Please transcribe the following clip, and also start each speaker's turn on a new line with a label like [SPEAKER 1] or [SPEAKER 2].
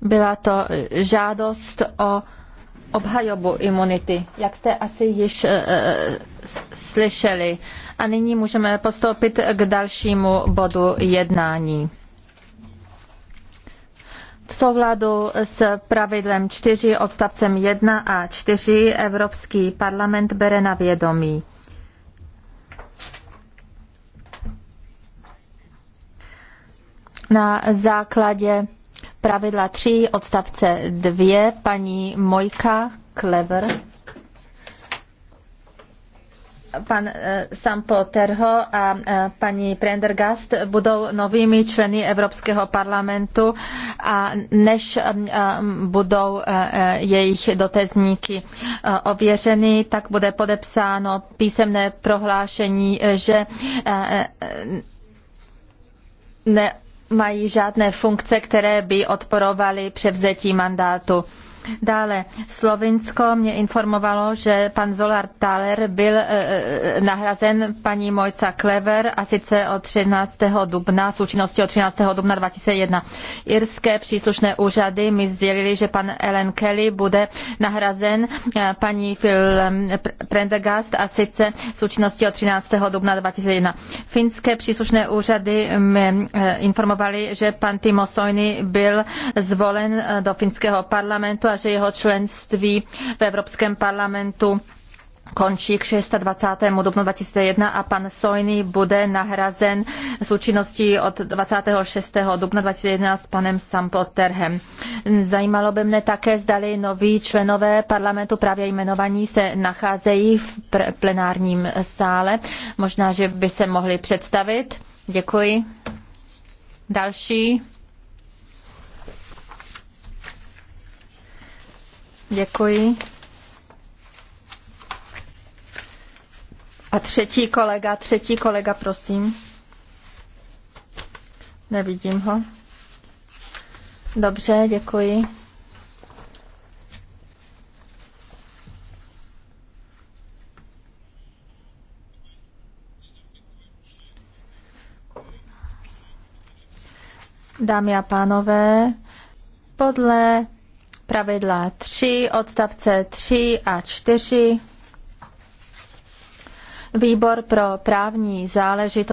[SPEAKER 1] Byla to žádost o obhajobu imunity, jak jste asi již e, slyšeli. A nyní můžeme postoupit k dalšímu bodu jednání. V souladu s pravidlem 4 odstavcem 1 a 4 Evropský parlament bere na vědomí. Na základě pravidla 3 odstavce 2 paní Mojka Klever. Pan eh, Sampo Terho a eh, paní Prendergast budou novými členy Evropského parlamentu a než eh, budou jejich dotezníky ověřeny, tak bude podepsáno písemné prohlášení, že ne mají žádné funkce, které by odporovaly převzetí mandátu. Dále Slovinsko mě informovalo, že pan Zolar Thaler byl eh, eh, nahrazen paní Mojca Klever a sice od 13. dubna, s účinností od 13. dubna 2001. Irské příslušné úřady mi sdělili, že pan Ellen Kelly bude nahrazen eh, paní Phil Prendergast a sice s účinností od 13. dubna 2001. Finské příslušné úřady mě informovali, že pan Timo Soini byl zvolen do finského parlamentu a že jeho členství v Evropském parlamentu končí k 26. dubnu 2001 a pan Sojny bude nahrazen s účinností od 26. dubna 2001 s panem Sampoterhem. Zajímalo by mne také, zdali noví členové parlamentu právě jmenovaní se nacházejí v plenárním sále. Možná, že by se mohli představit. Děkuji. Další. Děkuji. A třetí kolega, třetí kolega, prosím. Nevidím ho. Dobře, děkuji. Dámy a pánové, podle pravidla 3, odstavce 3 a 4. Výbor pro právní záležitosti